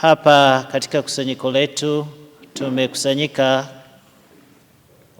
Hapa katika kusanyiko letu tumekusanyika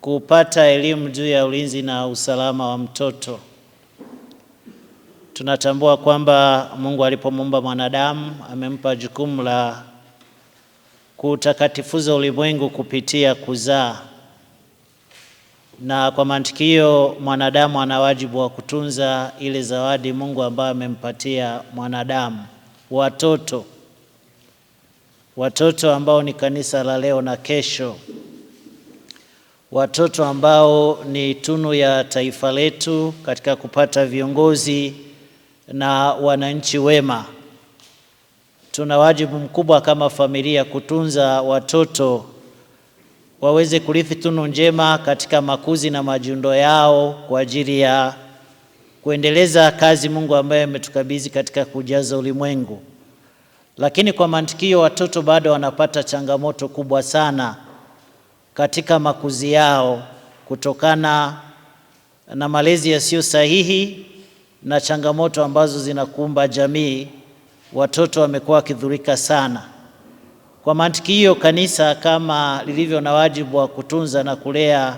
kupata elimu juu ya ulinzi na usalama wa mtoto. Tunatambua kwamba Mungu alipomuumba mwanadamu amempa jukumu la kutakatifuza ulimwengu kupitia kuzaa, na kwa mantiki hiyo mwanadamu ana wajibu wa kutunza ile zawadi Mungu ambayo amempatia mwanadamu, watoto watoto ambao ni kanisa la leo na kesho, watoto ambao ni tunu ya taifa letu katika kupata viongozi na wananchi wema. Tuna wajibu mkubwa kama familia kutunza watoto waweze kurithi tunu njema katika makuzi na majiundo yao kwa ajili ya kuendeleza kazi Mungu ambaye ametukabidhi katika kujaza ulimwengu. Lakini kwa mantikio, watoto bado wanapata changamoto kubwa sana katika makuzi yao kutokana na malezi yasiyo sahihi na changamoto ambazo zinakumba jamii. Watoto wamekuwa wakidhurika sana. Kwa mantiki hiyo, kanisa kama lilivyo na wajibu wa kutunza na kulea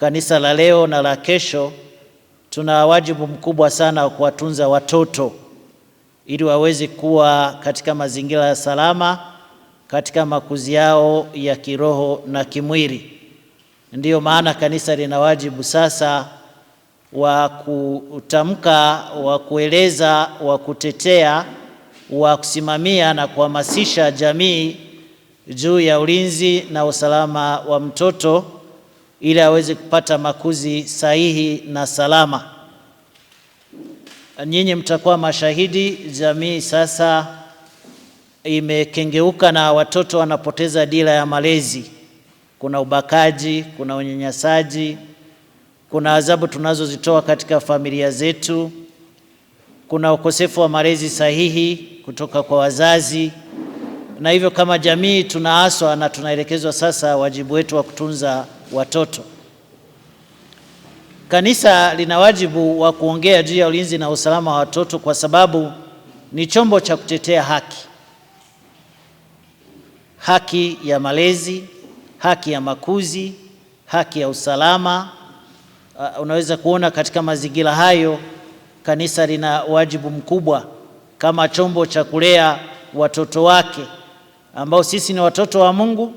kanisa la leo na la kesho, tuna wajibu mkubwa sana wa kuwatunza watoto ili waweze kuwa katika mazingira ya salama katika makuzi yao ya kiroho na kimwili. Ndiyo maana kanisa lina wajibu sasa wa kutamka, wa kueleza, wa kutetea, wa kusimamia na kuhamasisha jamii juu ya ulinzi na usalama wa mtoto ili aweze kupata makuzi sahihi na salama nyinyi mtakuwa mashahidi. Jamii sasa imekengeuka na watoto wanapoteza dira ya malezi. Kuna ubakaji, kuna unyanyasaji, kuna adhabu tunazozitoa katika familia zetu, kuna ukosefu wa malezi sahihi kutoka kwa wazazi, na hivyo kama jamii tunaaswa na tunaelekezwa sasa wajibu wetu wa kutunza watoto. Kanisa lina wajibu wa kuongea juu ya ulinzi na usalama wa watoto kwa sababu ni chombo cha kutetea haki, haki ya malezi, haki ya makuzi, haki ya usalama. Uh, unaweza kuona katika mazingira hayo kanisa lina wajibu mkubwa kama chombo cha kulea watoto wake ambao sisi ni watoto wa Mungu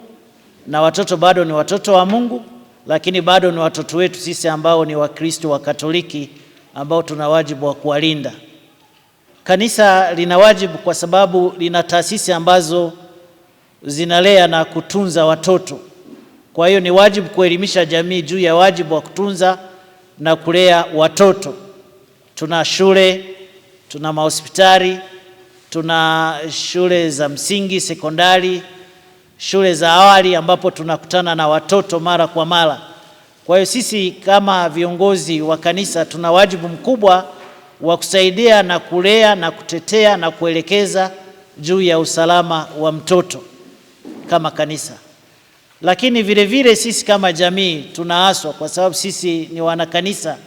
na watoto bado ni watoto wa Mungu lakini bado ni watoto wetu sisi ambao ni Wakristo wa Katoliki ambao tuna wajibu wa kuwalinda. Kanisa lina wajibu kwa sababu lina taasisi ambazo zinalea na kutunza watoto. Kwa hiyo ni wajibu kuelimisha jamii juu ya wajibu wa kutunza na kulea watoto. Tuna shule, tuna mahospitali, tuna shule za msingi, sekondari shule za awali ambapo tunakutana na watoto mara kwa mara. Kwa hiyo sisi kama viongozi wa kanisa tuna wajibu mkubwa wa kusaidia na kulea na kutetea na kuelekeza juu ya usalama wa mtoto kama kanisa, lakini vile vile sisi kama jamii tunaaswa, kwa sababu sisi ni wanakanisa,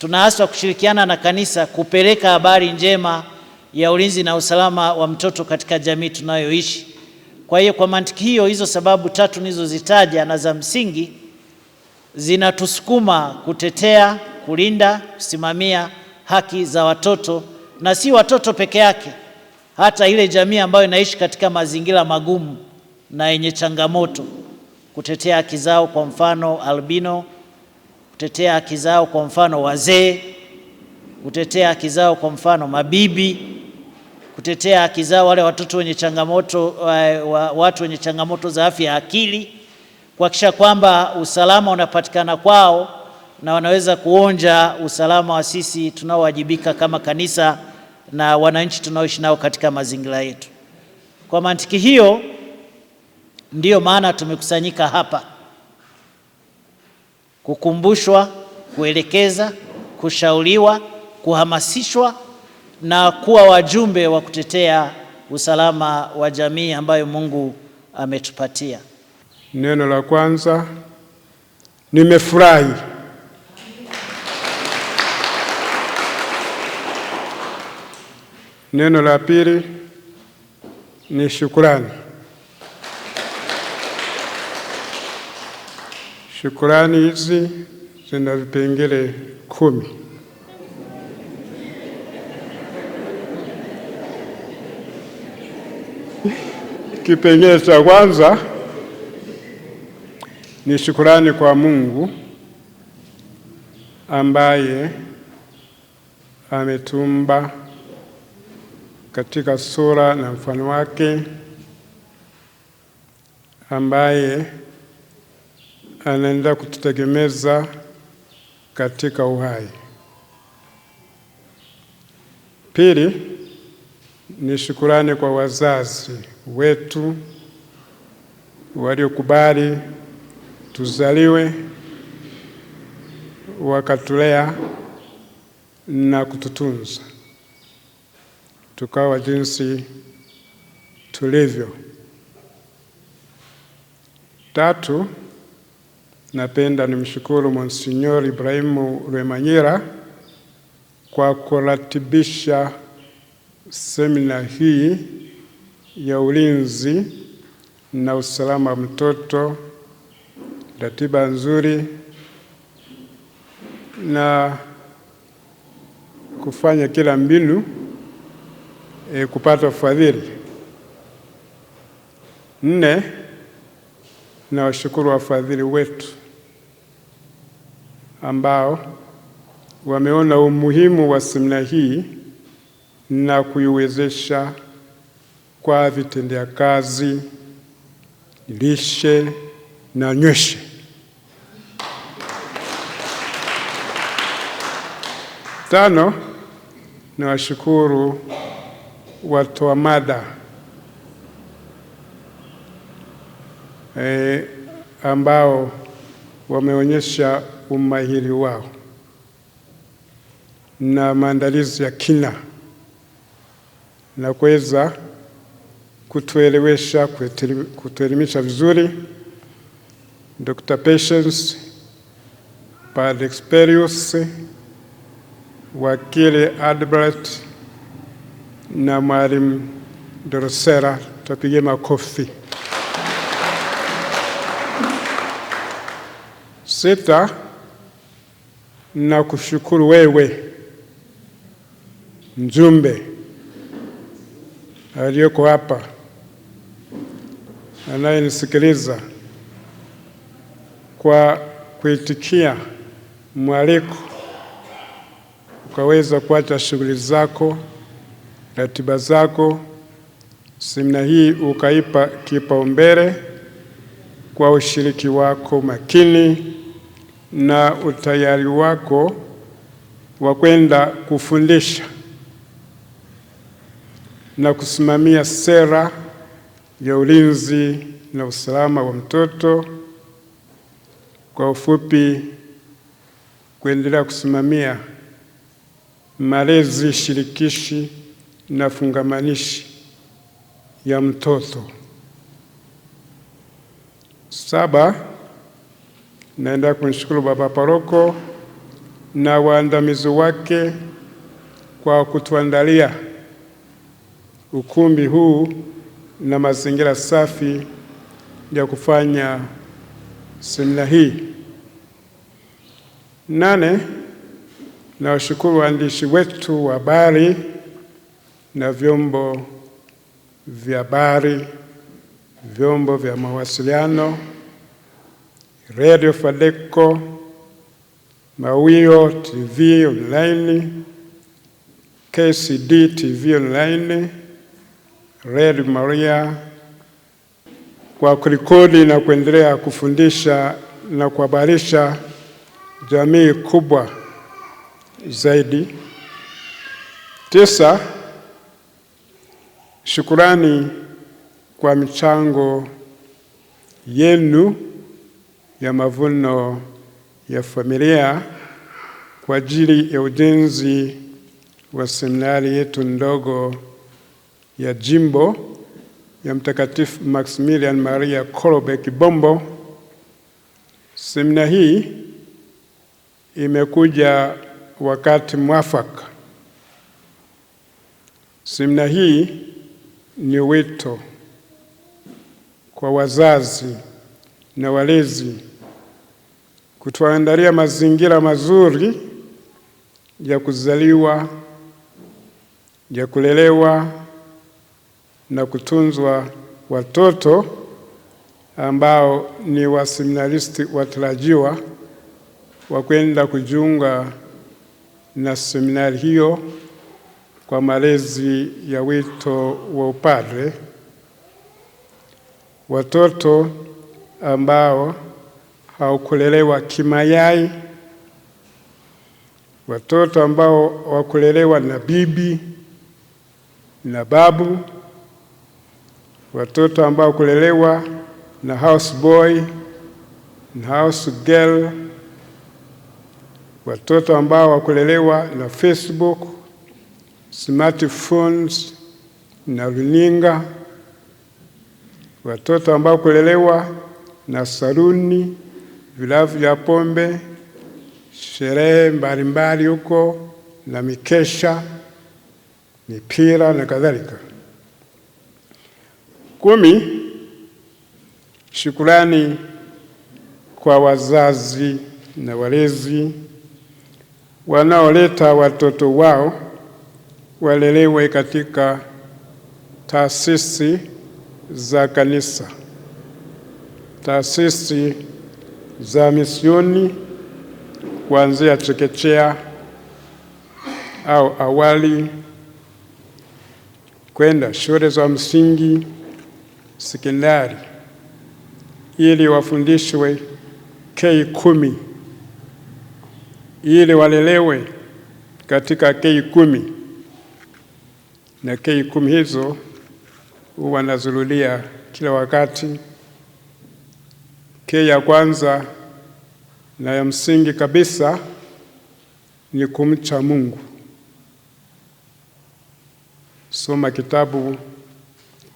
tunaaswa kushirikiana na kanisa kupeleka habari njema ya ulinzi na usalama wa mtoto katika jamii tunayoishi. Kwa hiyo kwa mantiki hiyo, hizo sababu tatu nilizozitaja na za msingi zinatusukuma kutetea, kulinda, kusimamia haki za watoto na si watoto peke yake, hata ile jamii ambayo inaishi katika mazingira magumu na yenye changamoto, kutetea haki zao, kwa mfano albino, kutetea haki zao, kwa mfano wazee, kutetea haki zao, kwa mfano mabibi kutetea haki zao wale watoto wenye changamoto, eh, watu wenye changamoto za afya ya akili, kuhakikisha kwamba usalama unapatikana kwao na wanaweza kuonja usalama wa sisi tunaowajibika kama kanisa na wananchi tunaoishi nao katika mazingira yetu. Kwa mantiki hiyo, ndiyo maana tumekusanyika hapa kukumbushwa, kuelekeza, kushauriwa, kuhamasishwa na kuwa wajumbe wa kutetea usalama wa jamii ambayo Mungu ametupatia. Neno la kwanza, nimefurahi Neno la pili ni shukurani. Shukurani hizi zina vipengele kumi. Kipengele cha kwanza ni shukurani kwa Mungu ambaye ametumba katika sura na mfano wake, ambaye anaendelea kututegemeza katika uhai. Pili, ni shukurani kwa wazazi wetu waliokubali tuzaliwe wakatulea na kututunza tukawa jinsi tulivyo. Tatu, napenda nimshukuru Monsinyori Ibrahimu Rwemanyira kwa kuratibisha semina hii ya ulinzi na usalama wa mtoto, ratiba nzuri na kufanya kila mbinu e, kupata ufadhili. Nne, na washukuru wafadhili wetu ambao wameona umuhimu wa semina hii na kuiwezesha kwa vitendea kazi, lishe na nyweshe. Tano, na washukuru watoa mada e, ambao wameonyesha umahiri wao na maandalizi ya kina na kuweza kutuelewesha kutuelimisha vizuri. Dr. Patience Padexperius, wakili Albert na mwalimu Dorosera, tupige makofi. Sita, na kushukuru wewe mjumbe aliyoko hapa, anayenisikiliza kwa kuitikia mwaliko ukaweza kuacha shughuli zako, ratiba zako, semina hii ukaipa kipaumbele kwa ushiriki wako makini na utayari wako wa kwenda kufundisha na kusimamia sera ya ulinzi na usalama wa mtoto, kwa ufupi kuendelea kusimamia malezi shirikishi na fungamanishi ya mtoto. Saba, naenda kumshukuru Baba Paroko na waandamizi wake kwa kutuandalia ukumbi huu na mazingira safi ya kufanya semina hii. Nane, nawashukuru waandishi wetu wa habari na vyombo vya habari, vyombo vya mawasiliano, Radio Fadeco, Mawio TV online, KCD TV online Red Maria kwa kurekodi na kuendelea kufundisha na kuhabarisha jamii kubwa zaidi. Tisa, shukurani kwa michango yenu ya mavuno ya familia kwa ajili ya ujenzi wa seminari yetu ndogo ya jimbo ya Mtakatifu Maximilian Maria Kolbe Kibombo. Semina hii imekuja wakati mwafaka. Semina hii ni wito kwa wazazi na walezi kutuandalia mazingira mazuri ya kuzaliwa, ya kulelewa na kutunzwa watoto ambao ni waseminaristi watarajiwa wa kwenda kujiunga na seminari hiyo kwa malezi ya wito wa upadre, watoto ambao hawakulelewa kimayai, watoto ambao hawakulelewa na bibi na babu watoto ambao kulelewa na house boy na house girl, watoto ambao wakulelewa na Facebook, smartphones na runinga, watoto ambao kulelewa na saruni, vilavu vya pombe, sherehe mbalimbali huko na mikesha, mipira na kadhalika. Kumi, shukurani kwa wazazi na walezi wanaoleta watoto wao walelewe katika taasisi za kanisa, taasisi za misioni kuanzia chekechea au awali kwenda shule za msingi sekondari ili wafundishwe K kumi ili walelewe katika K kumi na K kumi hizo huwa nazurudia kila wakati. K ya kwanza na ya msingi kabisa ni kumcha Mungu. Soma kitabu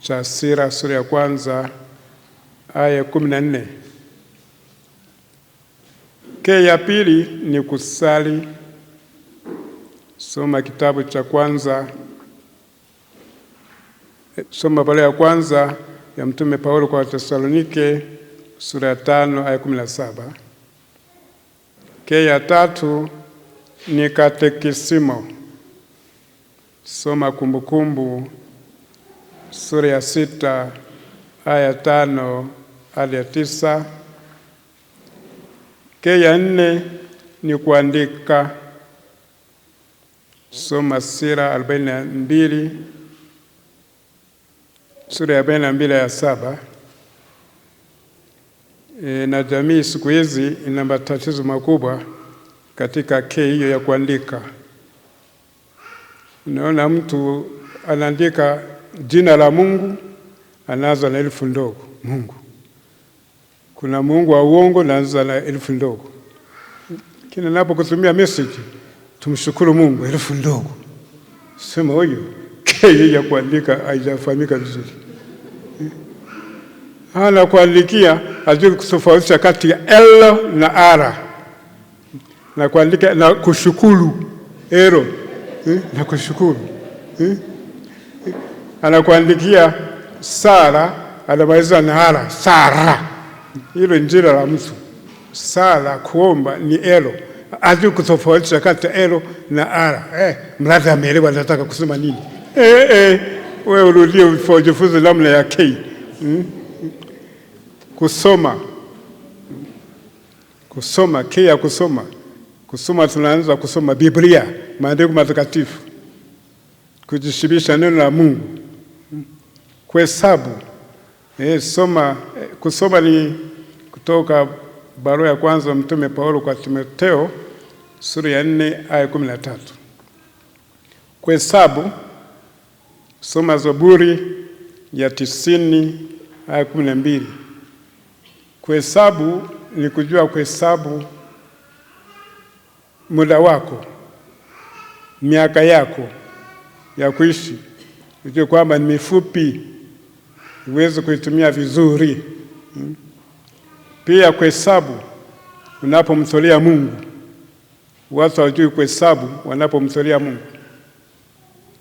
cha Sira sura ya kwanza aya ya kumi na nne. Ke ya pili ni kusali. Soma kitabu cha kwanza, eh, soma barua ya kwanza ya Mtume Paulo kwa Watesalonike sura ya tano aya kumi na saba. Ke ya tatu ni katekisimo. Soma kumbukumbu kumbu sura ya sita aya tano hadi ya tisa. K ya nne ni kuandika. Soma sira arobaini na mbili sura ya arobaini na mbili aya saba. E, na jamii siku hizi ina matatizo makubwa katika K hiyo ya kuandika. Unaona mtu anaandika jina la Mungu anaanza na elfu ndogo Mungu. Kuna Mungu wa uongo naanza na elfu ndogo. Kila napokutumia message tumshukuru Mungu elfu ndogo. Sema huyo kei ya kuandika haijafahamika vizuri. ana kuandikia ajui kutofautisha kati ya L na R. Na kuandika na kushukuru ero eh, na kushukuru. Eh anakuandikia Sara, anamaliza na hara Sara. Hilo ni jina la mtu. Sara kuomba ni elo, ajui kutofautisha kati ya elo na ara Eh, mradi ameelewa nataka kusema nini? Eh, eh, we urudie ujifunze namna ya kei Hmm? Kusoma kusoma K ya kusoma kusoma, tunaanza kusoma Biblia, maandiko matakatifu, kujishibisha neno la Mungu Kuhesabu eh, soma, eh, kusoma ni kutoka barua ya kwanza Mtume Paulo kwa Timotheo sura ya 4 aya 13. Kuhesabu soma Zaburi ya tisini aya kumi na mbili. Kuhesabu ni kujua kuhesabu muda wako, miaka yako ya kuishi, ujue kwamba ni mifupi uweze kuitumia vizuri. Pia kuhesabu unapomtolea Mungu. Watu hawajui kuhesabu wanapomtolea Mungu.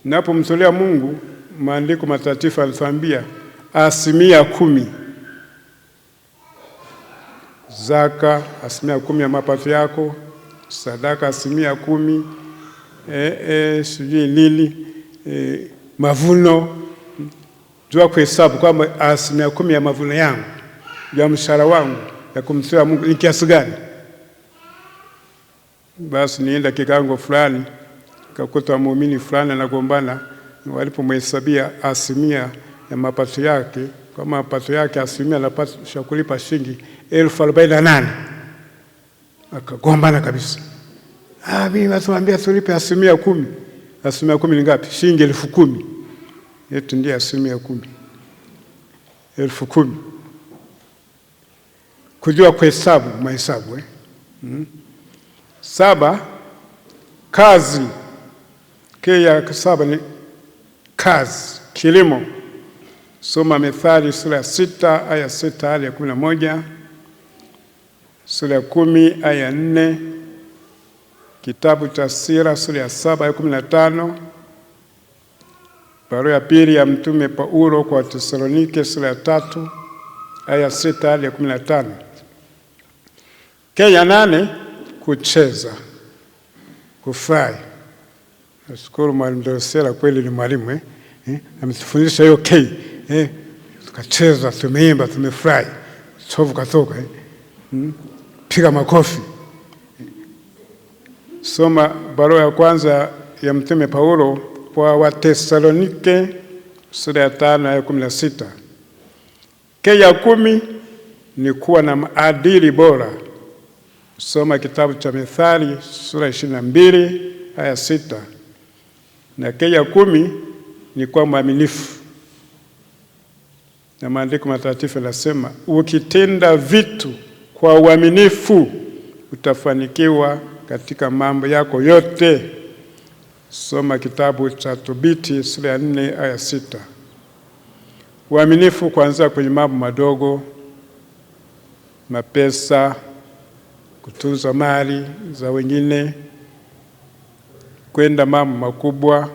Unapomtolea Mungu, maandiko matakatifu yanatuambia asilimia kumi zaka, asilimia kumi ya mapato yako, sadaka asilimia kumi, e, e, sijui nini e, mavuno jua kuhesabu kwamba ah, asilimia kumi ya mavuno yangu ya mshahara wangu ya kumsiwa Mungu ni kiasi gani. Basi nienda kigango fulani, kakuta muumini fulani anagombana, walipomhesabia asilimia ya mapato yake, kwa mapato yake asilimia anapaswa kulipa shilingi elfu arobaini na nane akagombana kabisa. Ah, mimi watu tulipe asilimia kumi. Asilimia kumi ni ngapi? Shilingi elfu kumi yetu ndiye asilimia kumi, elfu kumi. Kujua kuhesabu mahesabu eh? mm. Saba, kazi ke ya saba ni kazi, kilimo. Soma Methali sura ya sita aya sita hadi ya kumi na moja sura ya kumi aya nne kitabu cha Sira sura ya saba aya kumi na tano Barua ya pili ya Mtume Paulo kwa Tesalonike sura ya tatu aya sita hadi ya kumi na tano. Kenya nane kucheza kufurahi. Nashukuru mwalimu Dosela, kweli ni mwalimu eh? Eh? ametufundisha hiyo K eh? Tukacheza, tumeimba, tumefurahi, chovu katoka eh? hmm? piga makofi. Soma barua ya kwanza ya Mtume Paulo kwa Watesalonike sura ya tano aya kumi na sita. Ke ya kumi ni kuwa na maadili bora. Soma kitabu cha Methali sura ishirini na mbili aya sita. Na ke ya kumi ni kuwa mwaminifu, na maandiko matakatifu yanasema ukitenda vitu kwa uaminifu utafanikiwa katika mambo yako yote. Soma kitabu cha Tobiti sura ya nne aya sita. Uaminifu kuanzia kwenye mambo madogo, mapesa, kutunza mali za wengine, kwenda mambo makubwa,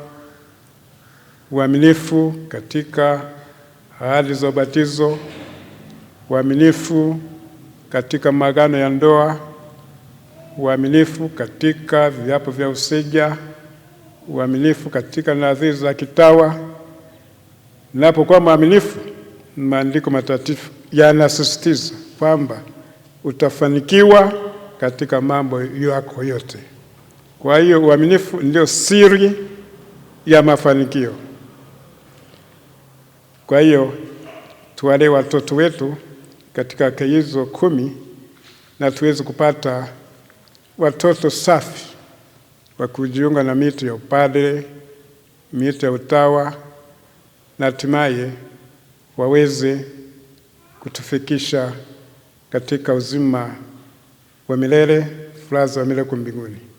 uaminifu katika ahadi za ubatizo, uaminifu katika maagano ya ndoa, uaminifu katika viapo vya usija uaminifu katika nadhiri za kitawa. Napokuwa mwaminifu, maandiko matakatifu yanasisitiza kwamba utafanikiwa katika mambo yako yote. Kwa hiyo uaminifu ndio siri ya mafanikio. Kwa hiyo tuwale watoto wetu katika hizo kumi na tuweze kupata watoto safi kwa kujiunga na miti ya upadre, miti ya utawa na hatimaye waweze kutufikisha katika uzima wa milele, furaha za milele mbinguni.